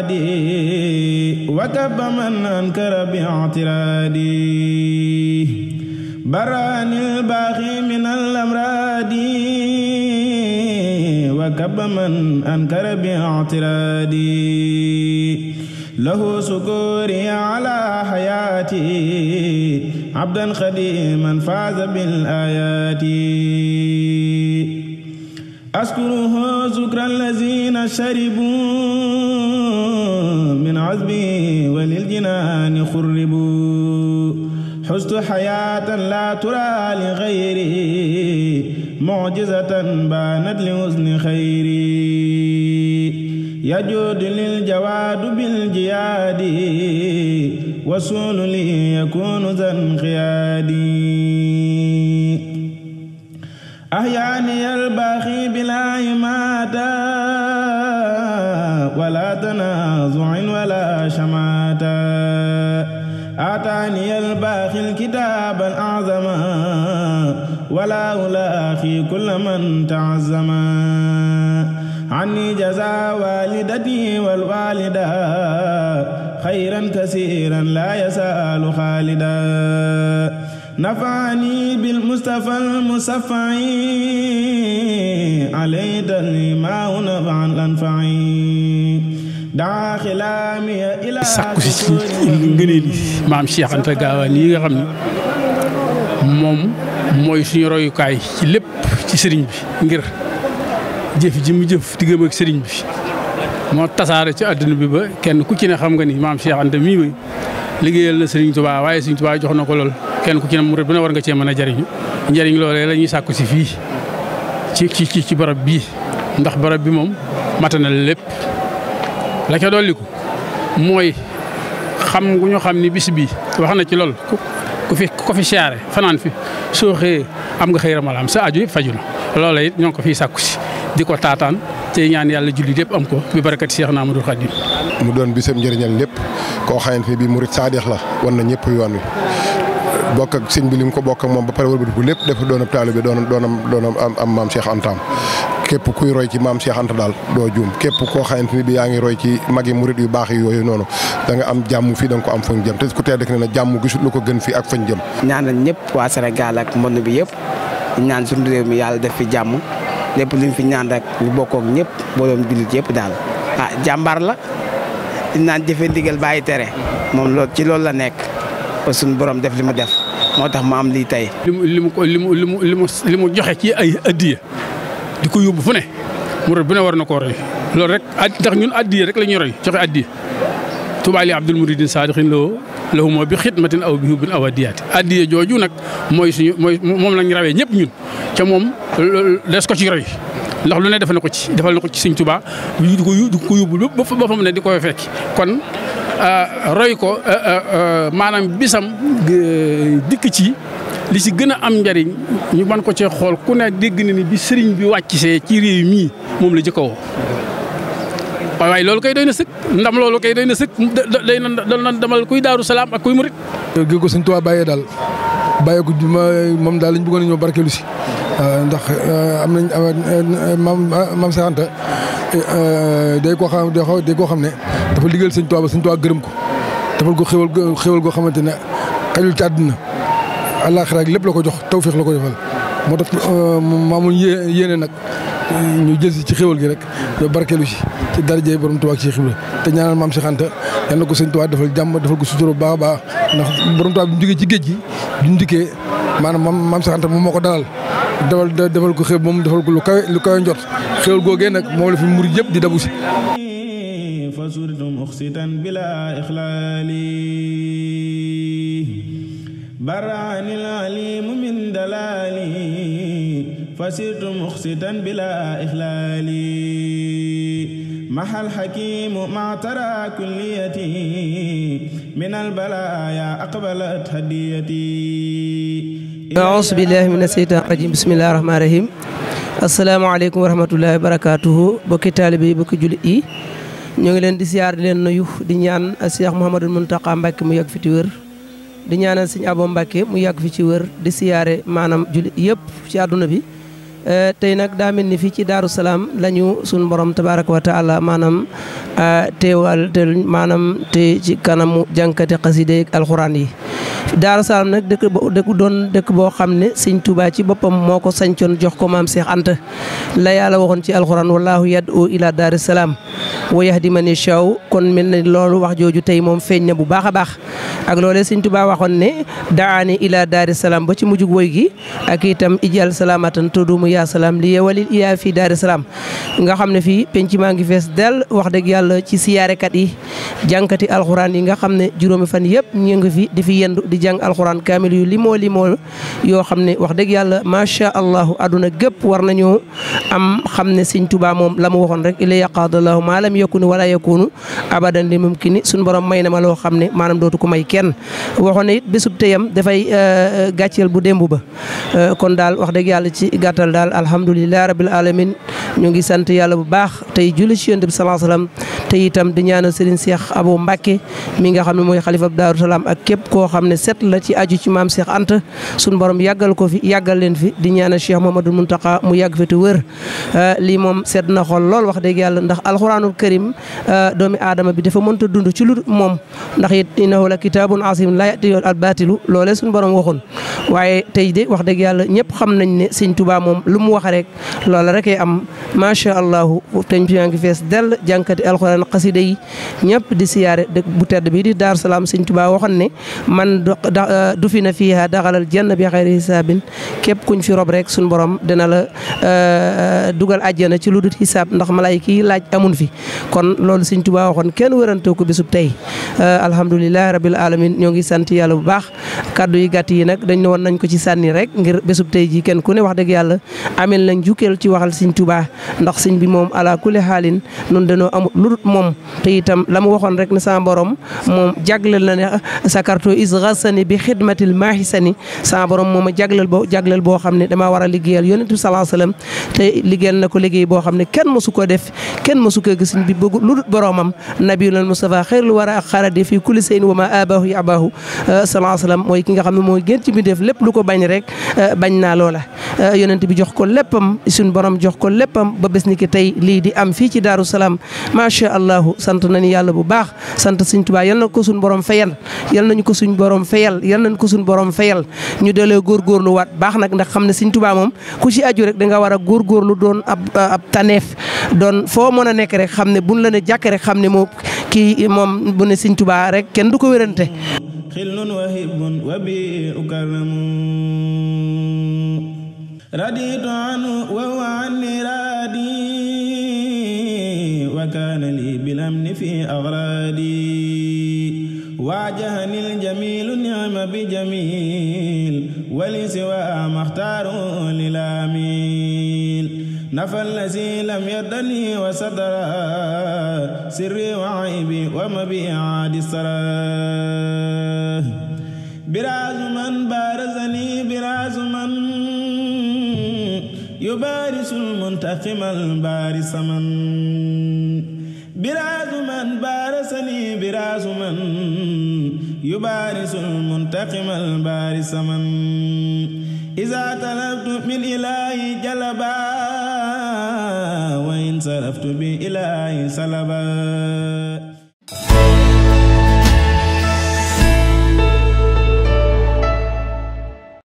مرادي وكب من أنكر باعترادي براني الباغي من الأمراض وكب من أنكر باعترادي له سكوري على حياتي عبدا خديما فاز بالآيات askuruhu zukra allazina sharibu min azbi walil jinaani xurribu xustu xayaatan laa turaa li xayri mucjizatan baanat li husni xayri yajuudu lil jawaadu bil jiyaadi wasuulu li yakuunu zan xiyaadi أحياني الباخي بلا يماتا ولا تنازع ولا شماتا أعطاني الباخي الكتاب الأعظم ولا ألاخي كل من تعزم عني جزا والدتي والوالدة خيرا كثيرا لا يسأل خالدا نفعني بالمصطفى المصفع عليه ما نفع الأنفع daa xilami ila sàkku si ci ngëneel yi maam Cheikh Anta nga xam ne moom mooy suñu royukaay ci lépp ci sëriñ bi ngir jëf ji mu jëf diggam sëriñ bi moo tasaare ci àdduna bi ba kenn ku ci ne xam nga ni maam Cheikh Anta liggéeyal na Serigne Touba waaye Serigne Touba jox na ko lool kenn ku ci ne murid bu ne war nga cee mën a jariñu njariñ loolee la ñuy sàkku si fii ci ci ci barab bii ndax barab bi moom mata na lépp la ca dolliku mooy xam gu ñu xam ni bis bi wax na ci lool ku fi ku fanaan fi soo am nga xëy ramalaam sa aju yëpp faju na loola it ñoo ko fiy sàkku si di ko taataan te ñaan yàlla jullit yëpp am ko bi seex Cheikh na Amadou Khadim mu doon bisam njëriñal lépp koo xamante bi bii murit saadeex la wan na ñëpp yoon wi bokk ak sëñ bi li mu ko bokk moom ba pare wëlbati ko lépp dafa doon ab taalibe doon doonam doonam am maam Cheikh Antam maam Cheikh daal doo juum képp koo xamante ni bi yaa ngi roy ci magi murit yu baax yi yooyu noonu da am jàmm fii da am fañ jëm te ku tedd rek ne na jàmm gisul lu ko gën fii ak fañ jëm ñaanal ñëpp waa Sénégal ak monde bi yëpp ñaan suñu réew mi yàlla def fi jàmm lépp luñ fi ñaan rek ñu bokkook ñëpp booloom jullit yëpp daal ah jàmbaar la naan jëfe ndigal bàyyi tere moom lool ci lool la nekk ba suñu borom def li mu def moo tax mu am lii tey. li mu li mu li mu li mu li mu joxe ci ay addiya di ko yóbbu fu ne mu bu ne war na koo roy loolu rek ndax ñun addiya rek la ñuy joxe addiya Touba li Abdul Muridin Saadixin loo lahuma bi xidmatin aw bi hubbin aw adiyaati addiya jooju nag mooy suñu mooy moom lañ rawee ñëpp ñun ca moom des ko ci roy ndax lu ne defal na ko ci defal na ko ci Sëñ Touba di ko di ko yóbbu ba fa mu ne di koy fekk kon ah, roy ko ah, ah, maanaam bisam dikk ci li si gën a am njariñ ñu mën ko cee xool ku ne dégg na ni bi sëriñ bi wàcc see ci réew mii moom la jëkkawoo waaye waaye loolu kay doy na sëkk ndam loolu kay doy na sëkk day na dal na damal kuy daaru salaam ak kuy murit gi ko sëñ Tuubaa bàyyee daal bàyyee ko moom daal lañ bëggoon a ñëw barkeelu si euh, ndax euh, am nañ euh, maam maam Seex Anta day koo xam day koo xam ne dafa liggéeyal sëñ Tuubaa ba sëñ Tuubaa gërëm ko dafal ko xéwal xéwal goo xamante ne kajul ci àdduna àllaaxira lépp la ko jox tawféex la ko defal moo tax yée yéene nag ñu jël si ci xéwal gi rek ñu barkeelu si ci darajey borom Tuubaa ak Cheikh Ibra te ñaanal maam Cheikh Anta yal na ko sëñ Tuubaa defal jàmm defal ko sutura baax a baax ndax borom Tuubaa bi mu jógee ci géej gi bi mu dikkee maanaam maam Cheikh moom moo ko dalal defal defal ko xew moom defal ko lu kawe lu kawe njot xéwal googee nag moom la fi murid yëpp di dabu si fa surtum oxsitan bila ixlaali فسرت مخسطا بلا إخلال محى الحكيم مع ترى كليتي من البلايا أقبلت هديتي أعوذ بالله من الشيطان الرجيم بسم الله الرحمن الرحيم asalaamaaleykum wa rahmatullahi wa barakaatuhu bokki taalibe yi bokki jullit yi ñoo ngi leen di siyaar di leen nuyu di ñaan Cheikh Mouhamadul Mountakha Mbacke mu yàgg fi ci wér di ñaanal Serigne Abo Mbacke mu yàgg fi ci wér di siyaare maanaam jullit yëpp ci àdduna bi Eh, tey nag daa mel ni fii ci Daaru Salaam lañu suñu borom tabaaraka wa taala maanaam eh, teewal te maanaam te ci kanamu jànkati xaside alxuraan yi. Daaru Salaam nag dëkk boo doon dëkk boo xam ne sëñ Tuubaa ci boppam moo ko sañcoon jox ko maam Seex Anta la yàlla waxoon ci alxuraan wallaahu yad'u ilaa daari salaam. wa yahdi man yashaa kon mel na loolu wax jooju tey moom feeñ na bu baax a baax ak loolee sëñ waxoon ne daani ila daari salaam ba ci mujjug woy gi ak itam ijal salaamatan tudumu yaa salaam li yewalil iyaa fii daari salaam nga xam ne fii penc maa ngi fees del wax dëgg yàlla ci siyaarekat yi jànkati alxuraan yi nga xam ne juróomi fan yëpp ñu ngi fi di fi yendu di jàng alxuraan kaamil yu limoo limoo yoo xam ne wax dëgg yàlla macha allah aduna gépp war nañu am xam ne sëñ Tuubaa moom la mu waxoon rek ila yaqaadallahu maalam yakunu wala yakunu abadan li mumkini suñu borom may na ma loo xam ne maanaam dootu ko may kenn waxoon na it bésub teyam dafay euh, euh, gàcceel bu demb ba euh, kon daal wax dëgg yàlla ci gàttal daal alhamdulilah rabbil alamin ñu ngi sant yàlla bu baax tey julli ci yonent bi sallallahu alayhi wasallam te itam di ñaanal Serigne Cheikh Abou Mbacke mi nga xam ne mooy xalifa Daaru ak képp koo xam ne set la ci aju ci maam seex ant suñu borom yàggal ko fi yàggal leen fi di ñaanal Cheikh Mamadou Mountakha mu yàgg fi te wër moom set na xol lool wax alquranul karim euh, doomi aadama bi dafa mënta dund ci lu moom ndax it innahu la kitaabun azim la yati al baatilu loolee suñu borom waxoon waaye tey de wax dëgg yàlla ñëpp xam nañ ne sëñ Tuubaa moom lu mu wax rek loola rekee am macha allah teñ fi yaa ngi fees dell jànkati alquran xasida yi ñëpp di siyaare dëkk bu tedd bi di Daaru Salaam sëñ Tuubaa waxoon ne man du euh, fi na fiiha daxalal janna bi xayri hisaabin képp kuñ fi rob rek suñu borom dina la euh, dugal àjjana ci lu dul kon loolu Sëñ Tuubaa waxoon kenn wérantoo ko bisub tey euh, alhamdulilah rabil alamin ñoo ngi sant yàlla bu baax kàddu yi gàtt yi nag dañ ne woon nañ ko ci sànni rek ngir bésub tey ji kenn ku ne wax dëgg yàlla amel nañ jukkeel ci waxal Sëñ Tuubaa ndax sëñ bi moom ala kulli xaalin nun dañoo amul lu moom te itam la mu waxoon rek ne sa borom moom jagleel na ne sa sakarto is xasani bi xidmatil sanni sa borom moom a jagleel boo jagleel boo xam ne damaa war a liggéeyal yonent bi salaa salaam te liggéeyal na ko liggéey boo xam ne kenn mosu ko def kenn mosu ko gis sëñ bi bëgg lu dul boromam nabiyul Mustafa xeyrul wara ak xaradi fii kulli sayin wa ma abahu yabahu euh, salaa salaam mooy ki nga xam ne mooy gën ci mbindeef lépp lu ko bañ rek euh, bañ naa loola euh, yonent bi jox ko léppam suñ borom jox ko léppam ba bés ni ki tey lii di am fii ci Daaru Salaam macha allah sant nañu yàlla bu baax sant sëñ Tuubaa yal na ko suñ borom fayal yal nañu ko suñ borom fayal yal nañ ko suñ borom fayal ñu delee góorgóorlu waat baax nag ndax xam ne sëñ Tuubaa moom ku ci aju rek da nga war a lu doon ab ab taneef doon foo mën a nekk rek rek xam ne buñ la ne jàkk rek xam ne moo kii moom bu ne Sëñ Tuubaa rek kenn du ko wérante xillun wa hibbun wa bi ukallamu raditu anhu wa huwa anni radi wa kaana li bil amni fi agradi waajahani aljamilu ni'ma bi jamil wali siwa maxtaaru lilamin nafa allazi lam yardani wa sadara sirri wa aybi wa mabi aadi sara biraazu man baarazani biraazu man yubaarisul muntaqimal baari saman biraazu man baarasani biraazu man yubaarisul muntaqimal baari saman iza talabtu min ilaahi jalaba وإن صرفت بي إلهي سلبا